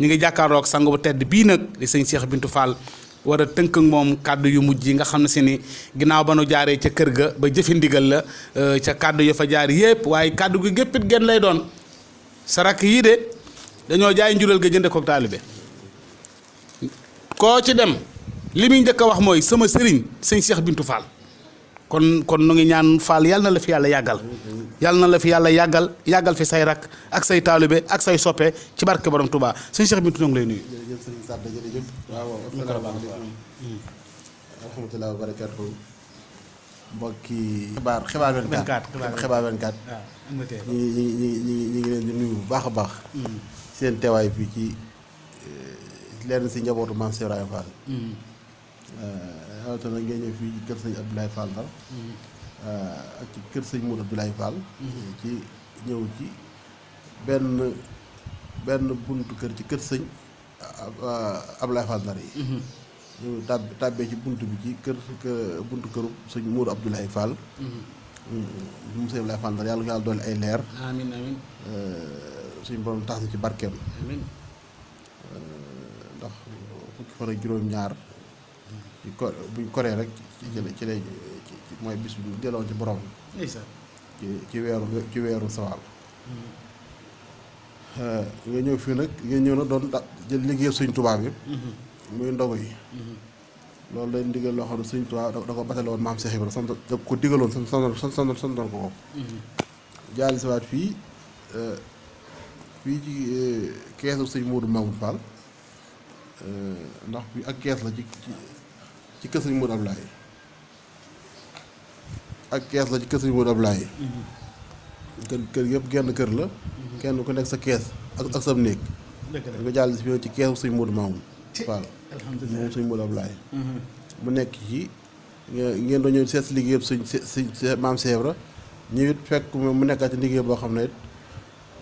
ñu ngi jàkkaarloog sangu bu tedd bii nag di sëñ Cheikh Bintou Fall war a tënk ak moom kàddu yu mujj yi nga xam ne si ni ginnaaw ba nu jaaree ca kër ga ba jëfe ndigal la euh, ca kàddu ya fa jaar yépp waaye kàddu gi géppit genn lay doon sarak yii de dañoo jaay njural ga jënde ko taalibe koo ci dem li muy njëkk a wax mooy sama sëriñ sëñ Cheikh Bintou Fall kon kon nu ngi ñaan faal yal na la fi yàlla yàggal yal na la fi yàlla yàggal yàggal fi say rak ak say taalibe ak say soppe ci barke borom Touba sëñ Cheikh Bintou ñoo ngi lay nuyu. jërëjëf sëñ Sadda jërëjëf. waaw waaw wa barakaatu. mbokki. xibaar xibaar 24 xibaar 24. ñu ngi ñu ngi ñu ngi ngi leen di nuyu bu baax a baax. Mm. seen teewaay fii ci eh, lenn si njabootu Mansour Fall. Mm. rawatina euh, ngay ñëw fii kër sëñ Abdoulaye Fall Ndar euh, ak ci kër sëñ Mour Abdoulaye Fall ci ñëw ci benn benn buntu kër ci kër sëñ euh, Abdoulaye Fall Ndar yi mhm. kër buntu këru sëñ Mour Abdoulaye Fall mu mhm. sëñ Abdoulaye Fall Ndar yàlla yàlla doole ay leer amiin amiin tax na ci barkeem amiin ndax fukki fan juróom ñaar ko buñ koree rek ci ci lay mooy bis bu delloo ci boroom ci ci weeru ci weeru sawaal mm-hmm. euh, nga ñëw fii nag nga ñëw nag doon jël liggéey suñ tubaab yi mm-hmm. muy ndogu yi mm-hmm. lool dañ digal loo xam ne tubaab da ko batale woon maam Cheikh Ibrahima sant da ko digaloon sant sant sant sant ko ko jaali siwaat fii euh, fii ci euh, keesu suñ Moodu Mamoun Fall ndax fii ak kees la ci kër Sëriñ Modou Ablaye ak kees la ci kër Sëriñ Modou laay kër kër yëpp genn kër la kenn ku nekk sa kees ak ak sam néeg dañ jàll si fi ci keesu Sëriñ Modou Mamoun Fall moom Sëriñ Modou laay mhm. mu nekk ci ngeen doon ñëw seet si liggéey yëpp suñ suñ maam Seebra ñu it fekk mu nekkaat ci liggéey boo xam ne it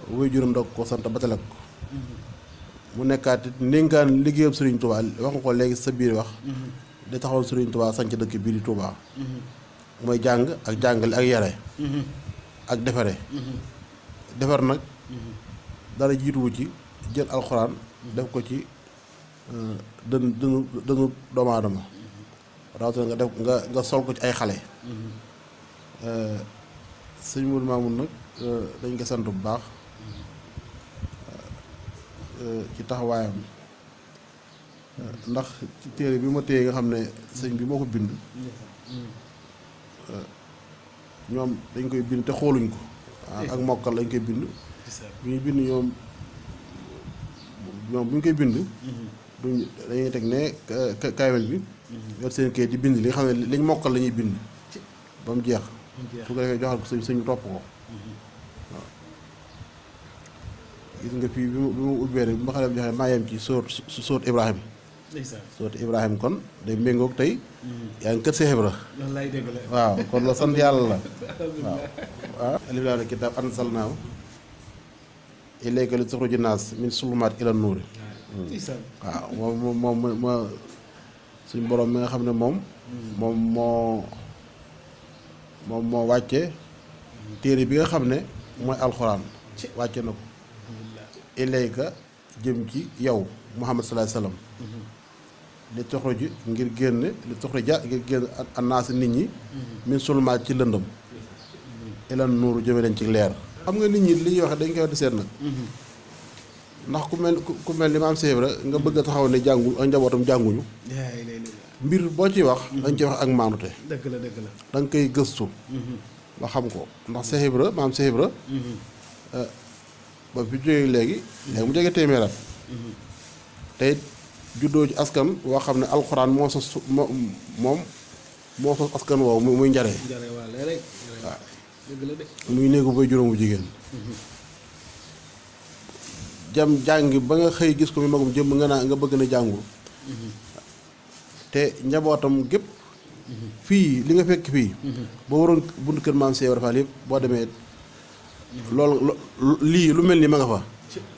wuy juróom doog ko sant ba talak ko mhm. mu nekkaat it ndénkaan liggéeyam Sëriñ Tuubaa wax ko léegi sa biir wax mhm. di taxawal Serigne Touba sanc dëkk bii di Touba. mooy jàng ak jàngale ak yare ak defare defar nag dara jiituwu ci jël alxuraan def ko ci euh, dën dënu dënu doomu nga def nga nga sol ko ci ay xale euh, sëñ Mourou Mamoun nag euh, dañ ko sant bu baax ci taxawaayam ndax ci téere bi ma téye nga xam ne sëñ bi moo ko bind eh, ñoom dañ koy bind te xooluñ ko ah, ak mokkal lañ koy bind bu ñuy bind ñoom ñoom bu ñu koy bind duñ dañuy teg ne kaamel bi yor seen di bind li nga xam ne liñ mokkal la bind ba mu jeex su ko defee joxal ko sëñ sëñ topp ko waaw gis nga fii bi mu ubbee rek bi ma xale bi joxee maa ci sóot sóot Ibrahima sooti Ibrahima kon day méngoog tey. Mm-hmm. yaa ngi kër Cheikh Ibra. lay waaw kon loolu sant yàlla la. waaw waaw. alif laam miim kitaab anzalnaahu ilayka li tuxrija naas min sulumaat ila nuuri. waaw moom moom moom mi nga xam ne moom. Mm-hmm. moom moo moo wàcce. téere bi nga xam ne mooy alxuraan. wàcce na ko. ilayka jëm ci yow Muhammad sallallahu alayhi li ji ngir génn li toxruja ngir génn ak annaas nit ñi mhm. min sulumaat ci lëndëm mhm. ilan nuuru jëme leen ci leer xam nga nit ñi li ñuy wax dañ koy di seet nag mhm. ndax ku mel ku mel ni maam Seex Ibra nga bëgg a taxaw ne jàngu ak njabootam jànguñu mbir boo ciy wax dañ ciy wax ak maanute dëgg la dëgg la koy gëstu ba xam ko ndax Seex Ibra maam Seex eh, Ibra ba fi léegi léegi mu jógee téeméeraat tey juddoo ci askan woo xam ne alxuraan moo sos moo moom moo sos askan woowu muy njare waaw muy néegu bay juróomu jigéen jam jàngi ba nga xëy gis ko mi magum jëm nga naa nga bëgg na jàngul te njabootam gépp fii li nga fekk fii boo waroon bunt kër maam Cheikh Ibra Fall boo demee loolu lii lu mel ni ma nga fa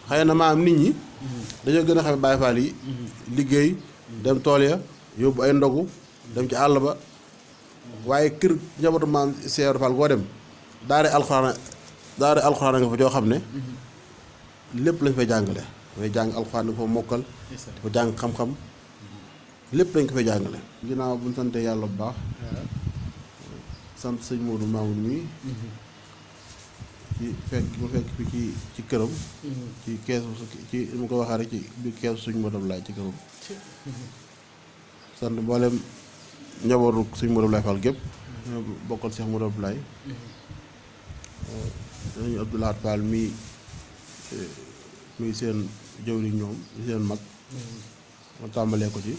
xëy na maam nit ñi dañoo gën a xam Baye Fall yi liggéey dem tool ya yóbbu ay ndogu dem ci àll ba waaye kër njabootu maam Seex Fall koo dem daare alxuraan daare nga fa joo xam ne lépp lañ fay jàngale dafay jàng alxuraan dafa mokkal dafa jàng xam-xam lépp lañ ko fay jàngale ginnaaw bu ñu sante yàlla bu baax sant sëñ Modou Mamoun mi mm-hmm. ci fekk mu fekk fi ci ci këram. Mm-hmm. ci keesu ci mu ko waxee rek ci bi keesu suñ modom laay ci këram. Mm-hmm. sant mbooleem njabootu suñ modom laay fal gépp. Mm-hmm. bokkal seex modom laay. dañu Abdou Lahad Fall mii eh, mii seen jëwriñ ñoom seen mag. ma tàmbalee ko ci.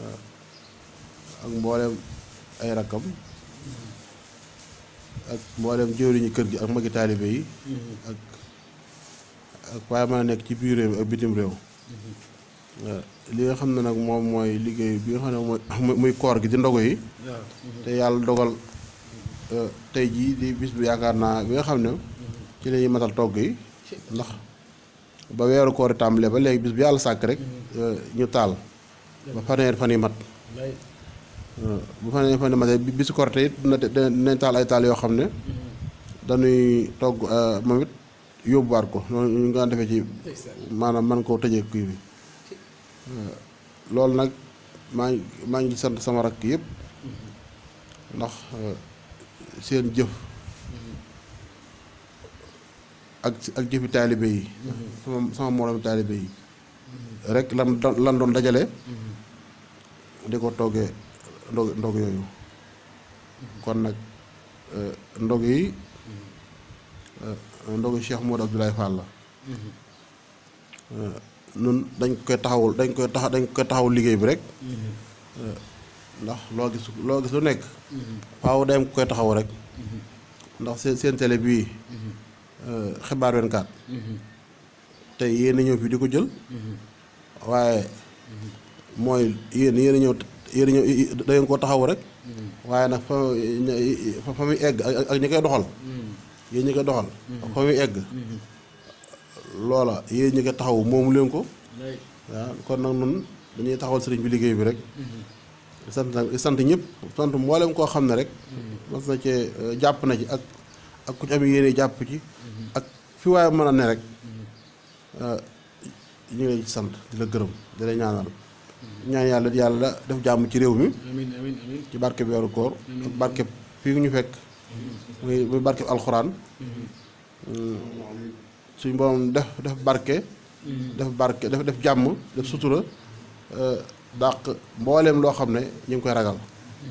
Eh, ak mboolem ay rakkam. ak mboolem jëwriñu kër gi ak magi taalibe yi mm-hmm. ak ak waaye mën a nekk ci biir réew mi ak bitim réew mm-hmm. li nga xam ne nag moom mooy liggéey bi nga xam ne mooy muy koor gi di ndogo yi mm-hmm. te yàlla dogal euh, tey jii di bis bi yaakaar naa bi nga xam ne ci la ñuy matal togg yi ndax ba weeru koor tàmbalee ba léegi bis bi yàlla sàkk rek euh, ñu taal ba fan yi mat bu fa ne fa ne mate bi su korte it dinañ taal ay taal yoo xam ne dañuy togg euh, moom it ko noonu ñu nga defee ci maanaam man koo tëjee kii bi euh, loolu nag maa maa ngi sant sama rakk yépp ndax euh, seen jëf ak ak jëfi taalibe yi sama sama moroomi taalibe yi rek lan doon dajale mm-hmm. di ko toggee ndog ndog yooyu kon nag eh, ndog yi eh, ndogu Cheikh Modou Abdoulaye Fall la eh, nun dañ koy taxawul dañ koy taxaw dañ koy taxaw liggéey bi rek ndax loo gis loo gis lu nekk faaw dem koy taxaw rek ndax seen seen télé bii xibaar 24 te yéen a ñëw fii di ko jël waaye mooy yéen yéen ñëw yéen ñëw da ngeen koo taxaw rek waaye nag fa fa muy egg ak ñi koy doxal yéen ñi doxal fa muy egg loola yéen ñi koy taxaw moomu leen ko waaw kon nag nun dañuy taxawal sëriñ bi liggéey bi rek di sant nag di sant ñëpp sant mboolem koo xam ne rek mas euh, jàpp na ci ak ak ku ci am yéene jàpp ci ak fi waaye mën a ne rek euh, ñu ngi lay sant di la gërëm di la ñaanal ñaan yàlla di yàlla def jàmm ci réew mi ci barke weeru koor barke barkeb fii ñu fekk muy muy alxuraan suñu borom def def barke def barke def def jàmm def sutura euh, dàq mbooleem loo xam ne ñu ngi koy ragal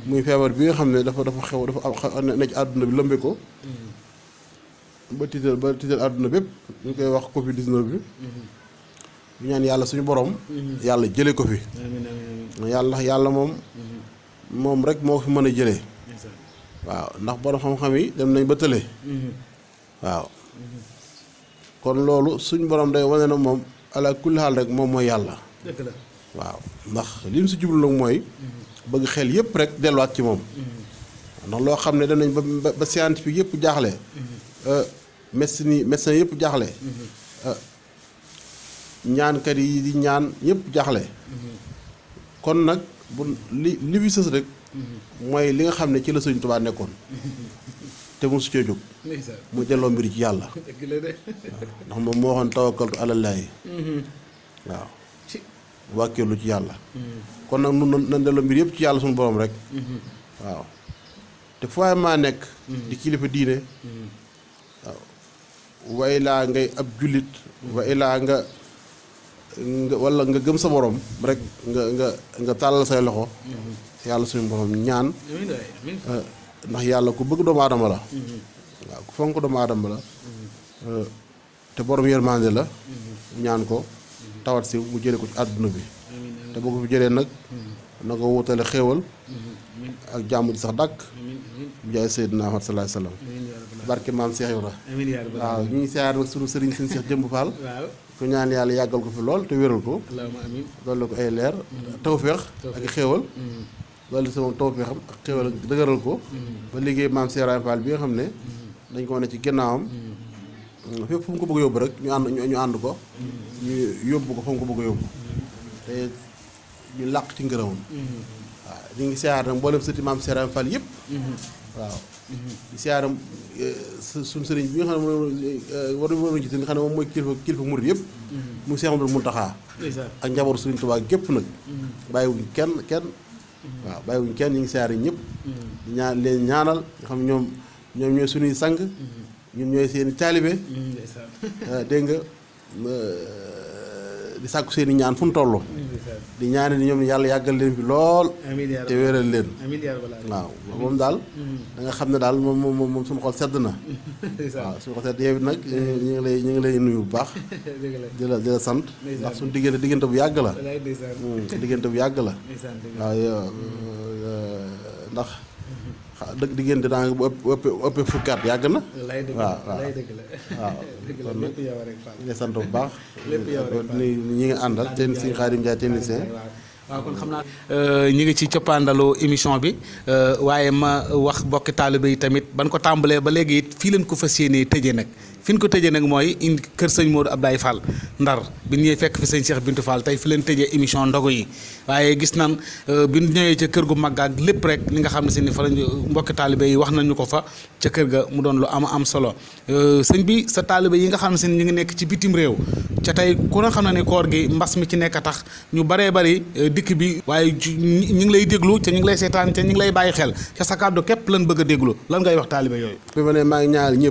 muy feebar bi nga xam ne dafa dafa xew dafa am ne ci àdduna bi lëmbe ko ba tiital ba tiital àdduna bépp ñu koy wax covid 19 bi bi yàlla suñu borom. yàlla jëlee ko fi. yàlla yàlla moom. Mm-hmm. moom rek moo fi mën a jëlee. waaw ndax borom xam-xam yi dem nañ ba tële. Mm-hmm. waaw mm-hmm. kon loolu suñu borom day wane na moom ala kulli xaal rek moom mooy yàlla. dëgg la waaw ndax li mu si jublu nag mooy. bëgg xel yëpp rek delluwaat ci moom. ndax loo xam ne dem nañ ba ba scientifique yëpp jaaxle. Euh, médecine messin médecin yëpp jaaxle. Euh, ñaankat yi di ñaan ñëpp jaaxle kon nag bu li li bi sës rek mooy li nga xam ne ci la Sëñ Tuubaa nekkoon te mosu cee jóg mu delloo mbir ci yàlla ndax moom moo waxoon tawakkaltu alallaahi waaw wàkkeelu ci yàlla mm-hmm. kon nag nun nan delloo mbir yëpp ci yàlla suñu borom rek mm-hmm. waaw te fu waay maa nekk mm-hmm. di kilifa diine waaw way ngay ab jullit way nga wala nga gëm sa borom rek nga nga nga tàllal say loxo mm-hmm. yàlla suñu borom ñaan eh, ndax yàlla ku bëgg doomu aadama la mm-hmm. waaw ku fonk doomu aadama la mm-hmm. eh, te borom yërmande la ñaan ko tawat si mu jële ko ci àdduna bi te boo ko fi jëlee nag na ko wutale xéewal ak jàmm ji sax dàkk bu jaay Seydina Ahmad salaay salaam barke maam Seex Ibra waaw ñu ngi siyaar sunu sëriñ seen Seex Jëmb Faal ku ñaan yàlla yàggal ko fi lool te wéral ko doolu la ko ay leer tawféex ak xéewal mm. loolu sama tawféexam ak xéewal ak dëgëral ko mm. ba liggéey maam Serigne Fall bi nga xam ne mm. dañ ko wane ci ginnaawam fépp fu mu ko bëgg yóbbu rek ñu ànd ñu ànd ko ñu yóbbu ko fa mu ko bëgg yóbbu te ñu làq ci ngërëmam waaw ñu ngi seexaat nag mboolem maam Serigne Fall yëpp waaw di mm-hmm. siyaaram eh, suñ sëriñ bi nga xam ne eh, war nañu gis nga xam ne moom mooy kilifa kilifa murid yëpp mm-hmm. mu Seex Ahmadul Muntaxaa ak njabootu Sëriñ Tuubaa gépp nag mm-hmm. bàyyiwuñ kenn kenn waaw bàyyiwuñ kenn ñu ngi siyaar ñëpp di ñaan leen ñaanal nga xam ñoom ñoom ñooy suñuy sang ñun ñooy seen taalibe eh, dégg nga di sàkku seen i ñaan fu mu toll. di ñaan di ñoom yàlla yàggal leen fi lool. te wéral leen. waaw moom daal. Mm-hmm. da xam ne daal moom moom moom suñu xol sedd na. waaw suñu xol sedd yow nag ñu ngi lay ñu ngi lay nuyu bu baax. di la di la sant. ndax suñu diggante diggante bu yàgg la. Mm, diggante bu yàgg la. waaw euh, ndax. ah dëgg diggante daa bu ëpp ëpp fukki yàgg na. lay dëgg la lay waaw waaw lépp yow sant bu baax. lépp ñi ngi àndal seen si Xaadim Njaay technicien. waaw kon xam naa euh, ñu ngi ci coppaandalu émission bi euh, waaye ma wax bokki taalibe yi tamit ban ko tàmbalee ba léegi it fii leen ko fas yéenee tëjee nag fi ñu ko tëjee nag mooy indi kër sëñ Modou Abdoulaye Fall ndar bi ñu ñëwee fekk fi sëñ Cheikh Bintou Fall tey fi leen tëjee émission ndogu yi waaye gis nan euh, bi ñu ñëwee ca kër gu mag ak lépp rek li nga xam ne si ni fa lañu mbokki taalibe yi wax nañu ko fa ca ga mu doon lu am am solo euh, sëñ bi sa taalibe yi nga xam ne si ñu ngi nekk ci bitim réew ca tey ku na xam ne ni koor gi mbas mi ci nekk a tax ñu baree bari euh, dikk bi waaye ñu ngi lay déglu ca ñu ngi lay seetaan ca ñu ngi lay bàyyi xel ca sa kàddu képp lan bëgg a déglu lan ngay wax taalibe yooyu bi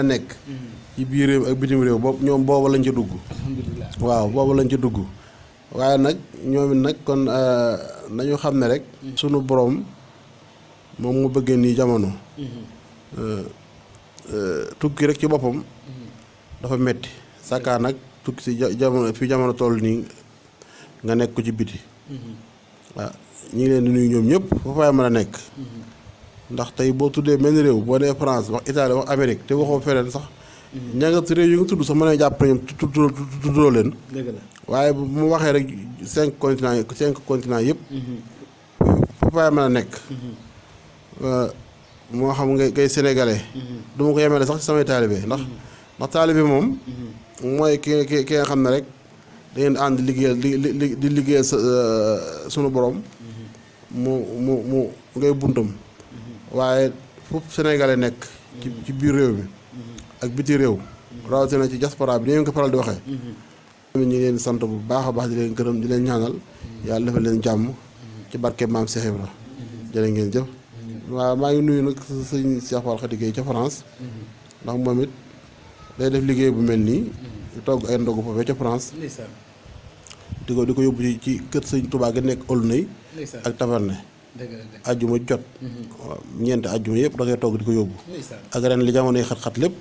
nekk mm-hmm. ci biir réew ak bitim réew boobu ñoom booba lañ ca dugg waaw booba lañ ca dugg waaye nag ñoom nag kon euh, nañu xam ne rek mm-hmm. sunu boroom moom mu bëggee nii jamono mm-hmm. euh, euh, tukki rek ci boppam mm-hmm. dafa metti sakkaa nag tukki si jamono fi jamono toll nii nga nekk ko ci biti waaw ñu ngi leen di nuyu ñoom ñëpp fa fay mën a nekk ndax tey boo tuddee benn réew boo nee France wax Italie wax Amérique te waxoo feneen sax njàngat réew yi nga tudd sax mën na jàpp ñoom tuddoo leen. dëgg la waaye bu mu waxee rek cinq continent cinq continent yëpp. Mm-hmm. fu fa mën a nekk. Mm-hmm. Euh, moo xam ngay ngay sénégalais. Mm-hmm. du ma ko sax ci samay taalibe ndax ndax taalibe moom. mooy ki ki ki nga xam ne rek da ngeen ànd liggéeyal di di di liggéeyal sa euh, sunu borom. mu mu mu ngay buntam. waaye fu sénégalais nekk. ci ci biir réew mi. ak biti réew rawatina ci diaspora bi ni ngeen ko faral di waxee ñu ngi leen sant bu baax a baax di leen gërëm di leen ñaanal yàlla defal leen jàmm ci barke maam Cheikh la jërë ngeen jëf waa maa ngi nuyu nag sëñ Cheikh Fall Khady Gueye ca France ndax moom it day def liggéey bu mel nii togg ay ndogu foofee ca France di ko di ko yóbbu ci kër sëñ Touba gi nekk Aulnay ak Taverny ajjuma jot mhm. waaw ñeenti ajjuma yëpp da ngay togg di ko yóbbu ak li jamonoy xat-xat lépp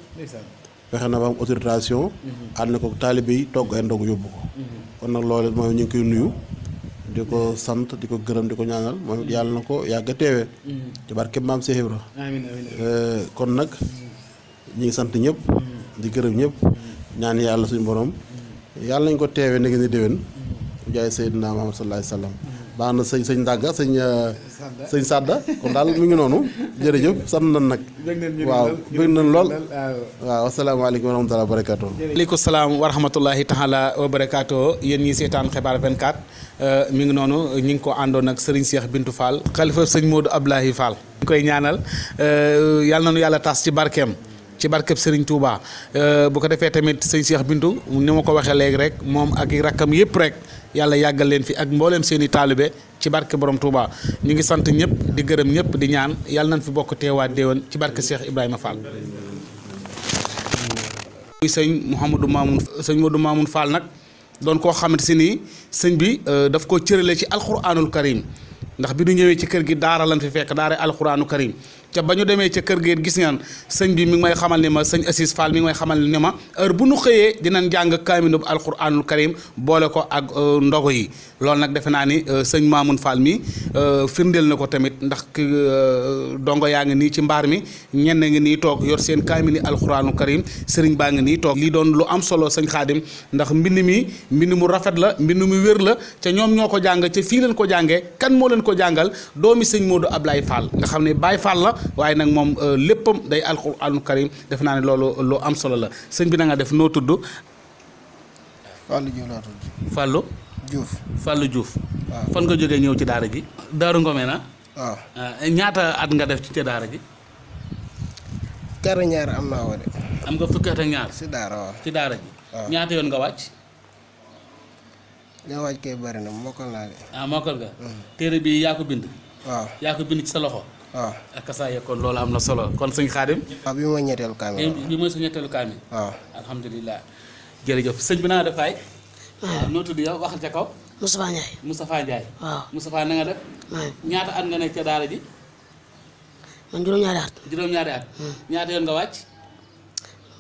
fexe na ba am autorisation mhm. ànd na ko taalibe yi togg ay ndog yóbbu ko mhm. kon nag loolu mooy ñu ngi koy nuyu sant di ko gërëm di ko ñaanal moom yàlla na ko yàgg a teewee ci barke eh, kon nag ñi ngi sant ñëpp gërëm ñëpp ñaan yàlla suñ borom yàlla nañ ko teewe na ngeen di déwén jaay Seydina Muhammad sallallahu alayhi baax na sëñ sëñ Ndàgga sëñ euh, sëñ Sadda kon daal mu ngi noonu jërëjëf sant nan nag waaw bëgg nañ lool waaw asalaamaaleykum wa rahmatulah wa barakaatu salaam wa rahmatulahi taala wa barakaatu yéen ñi seetaan xibaar 24 euh, mi ngi noonu ñu ngi ko àndoon ak sëriñ Cheikh Bintou Fall xalifa sëñ Modou Abdoulaye Fall ñu koy ñaanal euh, yàlla nañu yàlla taas ci barkeem ci barkeb Serigne Touba bu ko defee tamit sëñ Cheikh Bintou nu ma ko waxee léegi rek moom ak rakkam yëpp rek yàlla yàggal leen fi ak mbooleem seeni taalibe ci barke boroom Touba ñu ngi sant ñëpp di gërëm ñëpp di ñaan yàlla nañ fi bokk teewaat déwén ci barke Cheikh Ibrahima Fall. muy sëñ Mouhamadou Mamoun sëñ Modou Mamoun Fall nag doon koo xamante si ni sëñ bi euh, daf koo cërale ci alxuraanul karim ndax bi du ñëwee ci kër gi daara lan fi fekk daara alxuraanu karim. ca ba ñu demee ca kër géen gis ngeen sëñ bi mu may xamal ni ma sëñ Assis Fall mi ngi may xamal ni ma heure bu nu xëyee dinañ jàng kaaminu alquranul karim boole ko ak euh, ndogo yi loolu nag defe naa ni euh, sëñ Mamoun Fall mi euh, firndeel na ko tamit ndax euh, dongo yaa ngi nii ci mbaar mi ñenn ngi nii toog yor seen kaamili alxuraanu karim sëriñ baa ngi nii toog lii doon lu am solo sëñ ndax mbind mi mbind mu rafet la mbind mu wér la ca ñoom ñoo ko jàng ca fii leen ko jàngee kan moo leen ko jàngal doomi sëñ Modou Ablaye Fall nga xam ne Baye Fall la waaye nag moom léppam day alxuraanu karim defe naa ne loolu lu am solo la sëñ bi nanga def noo tudd Fallou Diouf Fallou juuf waaw fan nga jógee ñëw ci daara ji. Daaru Ngome na. waaw ah, ñaata at nga def ci ca daara ji. kër ñaar am naa woo de. am nga fukki at ak ñaar. ci daara ji. ñaata yoon nga wàcc. nga wàcc kay bari na mokkal naa de. ah nga. Mm. téere bi yaa ko bind. waaw yaa ko bind ci sa loxo. waaw ak ah, saa loolu am na solo kon sëñ Xaadim. waaw ah, eh, bi mooy sa ñetteelu kaamil. waaw alhamdulilah. jërëjëf sëñ bi naa defaay. waaw noo tudd yow waxal ca kaw. Moustapha Ndiaye. Moustapha Ndiaye. waaw Moustapha na nga def. ñaata at nga nekk ca daara ji. man juróom-ñaari at. juróom-ñaari at. Hmm. ñaata yoon nga wàcc.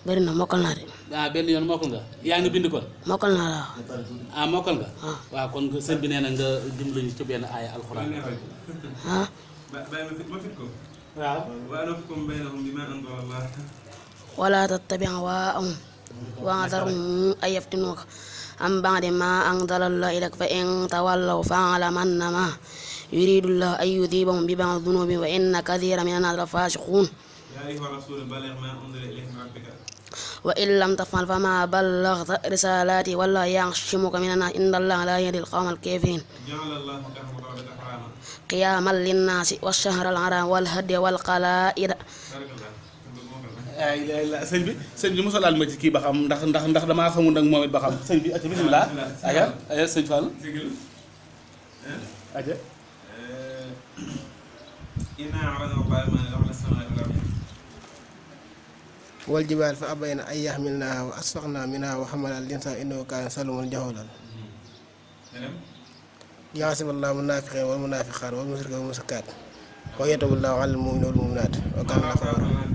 bëri mokkal naa de. Ah, benn yoon mokkal nga yaa ngi bind kon. mokkal naa la waaw. Ah, mokkal nga. Ah. waaw kon sëñ bi nee nga dimbali ñu ci benn aaya alxuraan. ah. waaw. wala tattabi' ahwaa'ahum wa adharhum an عن بعد ما أنزل الله إليك فإن تولوا فاعلم أنما يريد الله أن يذيبهم ببعض الذنوب وإن كثيرا من الناس لفاسقون يا أيها الرسول بلغ ما أنزل إليك من ربك وإن لم تفعل فما بلغت رسالاتي والله يعصمك من الناس إن الله لا يهدي القوم الكافرين جعل الله قياما للناس والشهر الحرام والهدي والقلائد ay eh, la sëñ bi sëñ bi mosalaal ma ci kii ba xam ndax ndax ndax damaa xamul nag moom it ba xam sëñ bi. bisimilah aya aya sëñ Fall. Eh, aja wal jibaal fa abayna ay yaxmilnaaha wa asfaqna minha wa xamalal linsaan innahu kaana saluman jaxulan yaasimallahu munaafiqiin wal munaafiqaat wal musrikiin wal musrikaat wa yatubu llahu alal mu'miniina wal mu'minaat wa kaana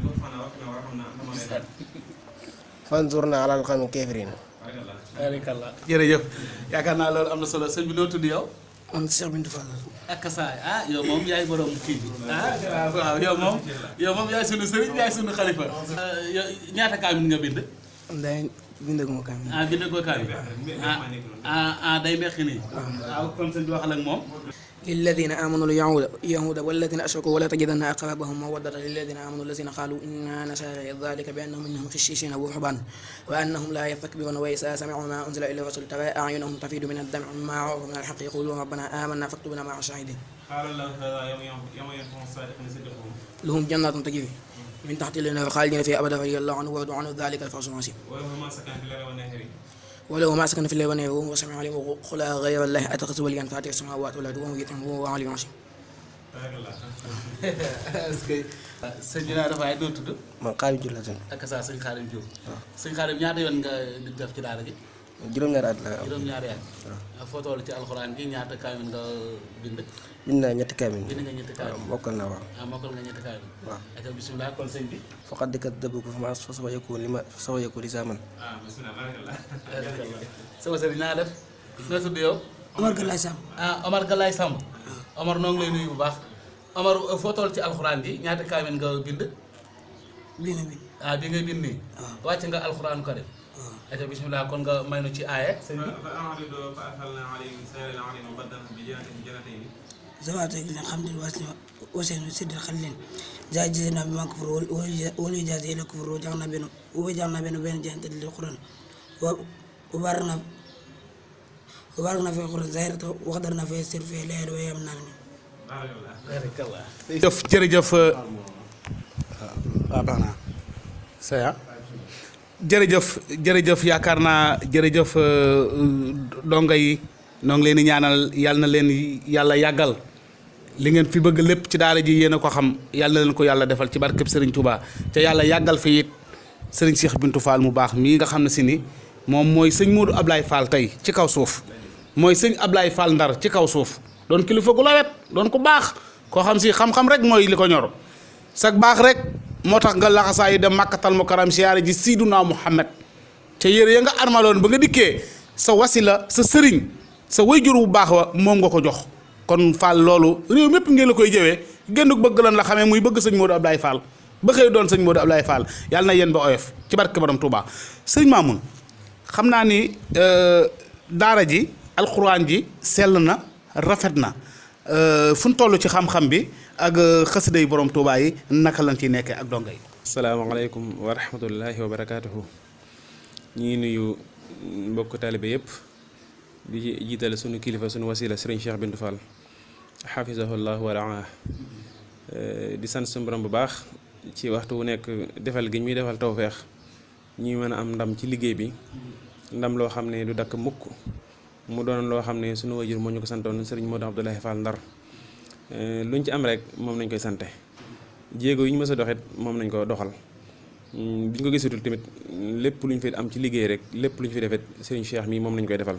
fanzurna alal xanu kéefrin. barakallah jërëjëf yaakaar naa loolu am na solo sëñ bi noo tudd yow. man Cheikh Bintou ah, yaay borom kii bi ah, waaw yow moom yow moom yaay sunu sëriñ yaay sunu xalifa. Ah, ñaata kaamil nga bind. bindee ko kaamil. ah bindee ko kaamil. Ah ah, ah ah day mbeq nii. waaw ah, kon sëñ bi waxal ak moom. lilladina amanu yahuda yahuda walladina ashraku wala tajidanna aqrabahum mawaddata lilladina amanu alladina qalu inna nasara dalika bi annahum minhum xishishina wa ruhban wa annahum la yastakbiruna wa isa samiu ma unzila ila rasul tara ayunahum tafidu min addami mimma arafu min alxaq yaquluna rabbana amanna faktubna maa shahidin lahum jannatun tajri min taxti lanhar xaalidina fiihaa abadan radiyallaahu anhu wa radu anhu daalika al-fawzul aziim ولو ما سكن في الليل والنهار وهو سميع عليم قل غير الله أتخذ وليا فاتر السماوات والأرض وهو يتم وهو علي عظيم sëñ bi naa dafa ay doon tudd. man Xaadim Diouf laa tudd. ak ñaata yoon nga def ci daara ji. juróom-ñaari at la. juróom ci alxuraan gi ñaata kaamil nga bind. bind naa ñetti kaamil. bind nga ñetti kaamil waaw mokkal naa waaw. ah mokkal nga ñetti kaamil. waaw ak bisimilah kon sëñ bi. faqad dikkat dëgg ko ma soo soo yëkkoo li ma soo yëkkoo li saa man. waaw ah, bisimilah barakallah. sama sëriñ naa def. nga tudd yow. Omar Galaye Samb. ah Omar Galaye Samb. Ah. Omar noo ngi lay nuyu bu baax. Omar foo toll ci alxuraan bi ñaata kaamil nga bind. bii la bind. ah bi nga bind nii. waaw ah. wàcc nga alxuraan ko def. aca bismillah kon nga may nu ci aaye sëñ bi zawaatu min wa na benn wa jax euh, ah, jërëjëf yaakaar naa jërëjëf euh, donga yi noo ngi leen ñaanal yàlla na leen yàlla yàggal li ngeen fi bëgg lépp ci daale ji yéen a ko xam yàlla leen ko yàlla defal ci barkeb Serigne Touba te yàlla yàggal fi it Serigne Cheikh Bintou Fall mu baax mii nga xam ne si ni moom mooy sëñ Modou Ablaye Fall tey ci kaw suuf mooy sëñ ablaay Fall ndar ci kaw suuf doon kilifa gu lawet doon ku baax koo xam si xam-xam rek mooy li ko ñor sag baax rek moo tax nga laxasaa yi dem màkkatal mu karam siyaare naa mu Muhammad te yére ya nga armaloon ba nga dikkee sa wasila sa sëriñ sa wayjur bu baax wa nga ko jox kon Fall loolu réew mépp ngeen la koy jëwe génnuk bëgg lan la xamee muy bëgg sëñ Modou Abdoulaye Fall ba xëy doon sëñ Modou Abdoulaye Fall yàlla na yéen ba oyof ci barke borom Touba sëñ Mamoun xam naa ni euh, daara ji alxuraan ji sell na rafet na euh, fu ñu toll ci xam-xam bi ak euh, xasida yi borom Touba yi naka lañ ci nekkee ak donga yi. salaamaaleykum wa rahmatullahi wa ñu ngi nuyu mbokk taalibe yëpp di jiital sunu kilifa sunu wasila sëriñ Cheikh Bintou Fall. xafisahullah wa raah eh, di sant suñu bu baax ci waxtu wu nekk defal gi muy defal tawfeex ñuy mën a am ndam ci liggéey bi ndam loo xam ne du dakk mukk mu doon loo xam ne suñu wajur moo ñu ko santoon sëriñ Modou Abdoulaye Fall Ndar eh, luñ ci am rek moom nañ koy sante jéego yi ñu mës a doxit moom nañ ko doxal hmm, biñ ko gisatul tamit lépp lu ñu fi am ci liggéey rek lépp lu ñu fi defet sëriñ Cheikh mii moom lañ koy defal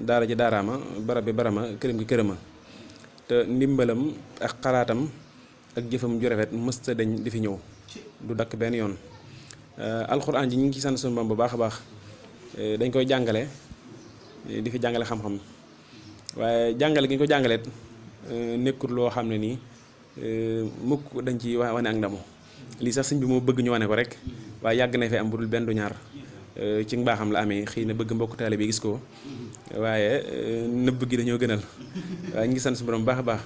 daara ji daaraama barab bi barama këram gi kërama te ndimbalam ak xaraatam ak jëfam ju rafet mësta dañ di fi ñëw du dakk benn yoon euh, alxuraan ji ñu ngi ci sant suñu borom bu baax a baax euh, dañ koy jàngale euh, di fi jàngale xam-xam waaye jàngale gi ñu ko jàngaleet nekkut loo xam ne nii mukk dañ ci wane ak ndamu lii sax sëñ bi moo bëgg ñu wane ko rek waaye yàgg na fi am bu dul benn du ñaar ci mbaaxam la amee xëy na bëgg mbokk taale bi gis ko waaye euh, nëbb gi dañoo gënal waaye ñu ngi sant su borom baax a baax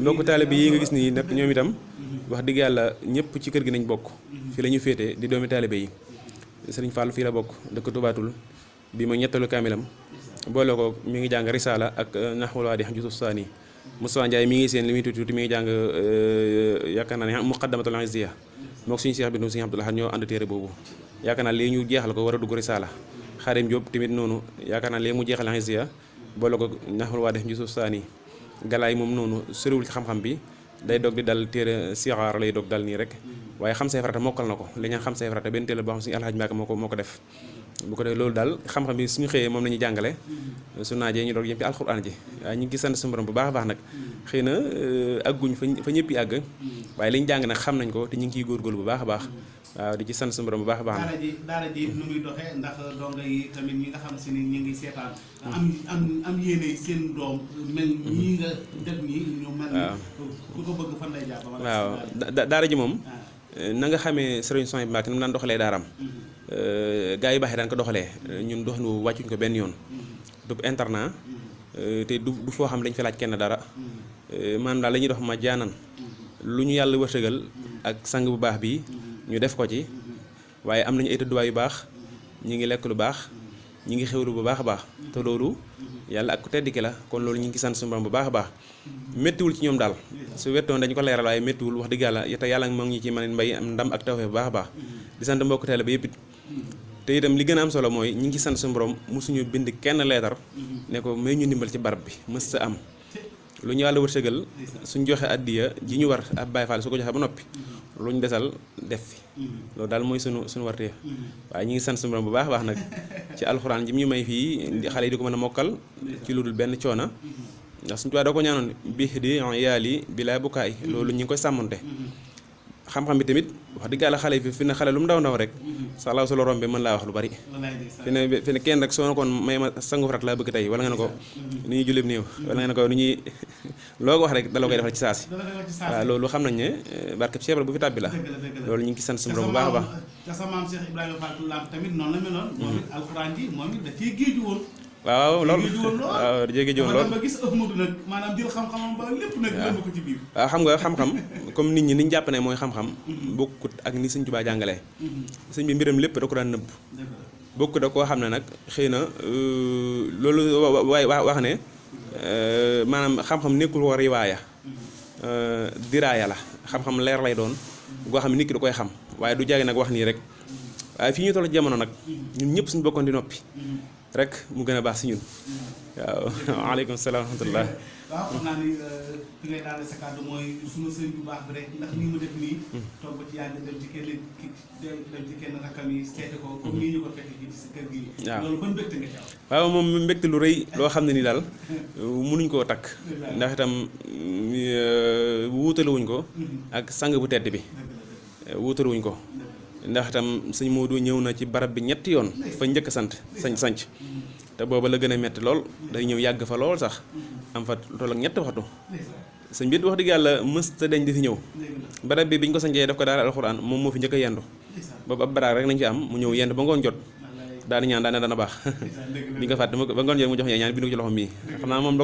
mbokku taalibe yi nga gis nii nag ñoom itam mhm. wax dëgg yàlla ñëpp ci kër gi nañ bokk mhm. fi la ñu féetee di doomi taalibe yi mhm. sëriñ Fallou fii la bokk dëkk tubaatul bi mooy ñettalu kaamilam boole ko mu ngi jàng risaala ak euh, naxwul waadi xajutu saani Moussa Ndiaye mi ngi seen li tuuti tuuti mi ngi jàng euh, yaakaar naa ne muqaddamatul izziya mook suñu seex bi suñu Abdul Ahad ñoo ànd téer boobu yaakaar naa lii ñu jeexal ko war a dugg risaala xaarim Diop tamit noonu yaakaar naa léegi mu jeexal xisiya boole ko naxul waa def ngi suuf saani galaay moom noonu soriwul ci xam-xam bi day dog di dal téere sixaar lay dog dal nii rek waaye xam say farata mokkal na ko li nga xam say farata benn téere boo xam suñu alxaj ko moo ko def bu ko loolu daal xam-xam bi suñu xëyee moom la ñuy jàngale su naajee ñu doog yem ci alxuraan ji waaye ñu ngi sant suñu borom bu baax baax nag xëy na euh, àgguñ fa ñëpp yi àgg waaye li ñu jàng nag xam nañ ko te ñu ngi ciy góorgóorlu bu baax a baax waaw di ci sant suñu borom baax a baax. daara ji daara ji nu muy doxee ndax donga si ni ñu ngi ji moom. Ah. na nga xamee sëriñ Sonia Mbacke ni mu daan doxalee daaraam. Mm-hmm. Euh, gaa yu baax yi daan ko doxalee. ñun dox nu wàccuñ ko benn yoon. Mm-hmm. du internat. Mm-hmm. Euh, te du foo xam dañ fa laaj kenn dara. Euh, maanaam daal lañuy dox ma jaanan. lu ñu yàlla wërsëgal. ak sang bu baax bi ñu def ko ci waaye am nañu ay tëdduwaay yu baax ñi ngi lekk lu baax ñi ngi xewlu bu baax a baax te loolu yàlla ak ku tedd ki la kon loolu ñu ngi sant suñu bu baax a baax méttiwul ci ñoom daal su wettoon dañu ko leeral waaye méttiwul wax dëgg yàlla te yàlla moo ngi ci mën mbay am ndam ak tawfeex bu baax a baax di sant mbokk ba yëpp it te li gën am solo mooy ñi ngi sant suñu borom mosuñu bind kenn leetar ne ko may ñu ndimbal ci barab bi mës sa am lu ñu yàlla wërsëgal suñ joxe addiya ji ñu war ab Baay Faal su ko joxe ba noppi lu ñu desal def fi mm-hmm. loolu daal mooy sunu sunu warteef mm-hmm. waaye ñu ngi san sunu bu baax baax nag ci alxuraan ji mu ñu may fii xale yi di ko mën a mokkal ci lu dul benn coona mm-hmm. ndax suñu tubaab da ko ñaanoon biix di yaal yi bi laa bukkaay loolu ñu ngi koy sàmmante xam-xam bi tamit wax dëgg yàlla xale yi fi fi ne xale lu mu ndaw ndaw rek salaaw su la rombe mën laa wax lu bari fi ne fi ne kenn rek soo na koon may ma sangu farat laa bëgg tey wala nga n ko loo wax rek dala koy defal ci saasi waaw loolu xam nañ ne euh, barkeb Cheikh Ibra bu fi tàbbi la loolu ñu ngi ci sant suñu bu baax a baax ca tamit noonu la mhm. moom waaw loolu waaw jéggi lool ba gis Ahmadu nag maanaam xam nga xam-xam comme nit ñi ni ñu jàpp ne mooy xam-xam mhm. bokkut ak ni sëñ Tuubaa jàngale mhm. sëñ bi mbiram lépp da ko daan nëbb bokkut da koo xam ne nag xëy na euh, loolu waay wax ne Euh, maanaam xam-xam nekkul ko riwaaya euh, diraaya la xam-xam leer lay doon goo xam ne nit ki koy xam waaye du jage nag wax nii rek waaye fii ñu toll jamono nag ñun ñëpp suñ bokkoon di noppi rek mu gën a baax si ñun waaw waaleykum salaam wa euh, mu def hmm. hmm. moom mbégte lu rëy loo xam ne ni daal mënuñ koo takk. ndax itam mm, euh, wuutale ko. Hmm. ak sang bu tedd bi. Euh, wuutale ko. ndax itam sëñ Modou ñëw na ci barab bi ñetti yoon. fa njëkk sant sañ sanc te booba la gën a metti lool day ñëw yàgg fa lool sax am fa toll ak ñetti waxtu sëñ bi wax dëgg yàlla mës te dañ di fi ñëw barab bi bi ñu ko sañcee def ko daara alxuraan moom moo fi njëkk a yendu boobu ab am mu ñëw yendu ba ngoon jot daal ñaan daane dana baax bi nga fàtte ba ngoon jot mu jox ñee ñaan bi ko ci loxo mii xam naa moom la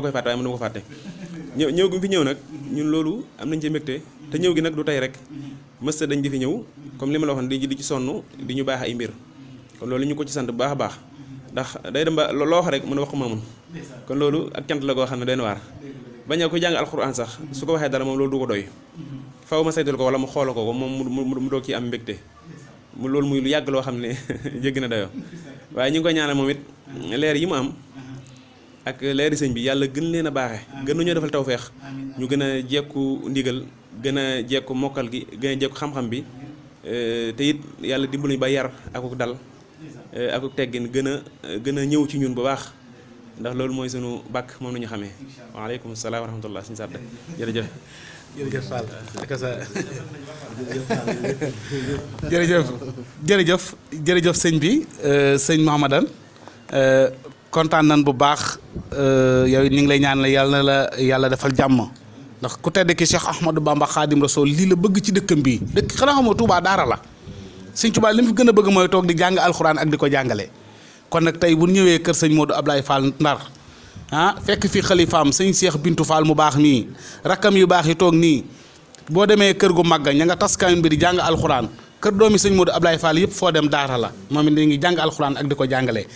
ko fi ñëw nag ñun loolu am nañ ci mbégte ñëw gi nag du tey rek mës dañ di fi ñëw comme li ma la waxoon di di ci sonn di ñu baax ay loolu ko ci sant bu baax a baax ndax day dem ba loo wax rek mu ne wax ko maamun kon loolu ak cant la koo xam ne doy na waar bañ a ko jàng alxuraan sax su ko waxee dara moom loolu du ko doy faw ma saytul ko wala mu xoola ko ko moom mu doog ci am mbégte mu loolu muy lu yàgg loo xam ne jéggi na dayoo waaye ñu ngi koy ñaanal moom it leer yi mu am ak leeri sëñ bi yàlla gën leen a baaxee gën ñoo defal tawfeex ñu gën a jekku ndigal gën a jekku mokkal gi gën a jekku xam-xam bi eh, te it yàlla dimbali ba yar ak dal ak euh, aku teggin gën a euh, gën a ñëw ci ñun bu baax ndax loolu mooy sunu bàkk moom nañu xamee waaleykum salaam wa rahmatullah suñu sàdd jërëjëf jërëjëf Fall jërëjëf jërëjëf jërëjëf sëñ bi euh, sëñ Mahamadan kontaan nan bu baax yow ñu ngi lay ñaan la yàlla na la yàlla defal jàmm ndax ku tedd ki Cheikh Ahmadou Bamba Khadim Rasoul lii la bëgg ci dëkkam bii dëkk xanaa xamoo Touba daara la sëñ Tuubaa li mu fi gën a bëgg mooy toog di jàng alxuraan ak di ko jàngale kon nag tey bu ñëwee kër sëñ Modou ablaay Fall Ndar ah fekk fi xalifaam sëñ Cheikh Bintu Fall mu baax nii rakkam yu baax yi toog nii boo demee kër gu màgg ña nga tas kaamil bi di jàng alxuraan kër doomi sëñ Modou Ablaye Fall yëpp foo dem daara la moom it ngi jàng alxuraan ak di ko jàngale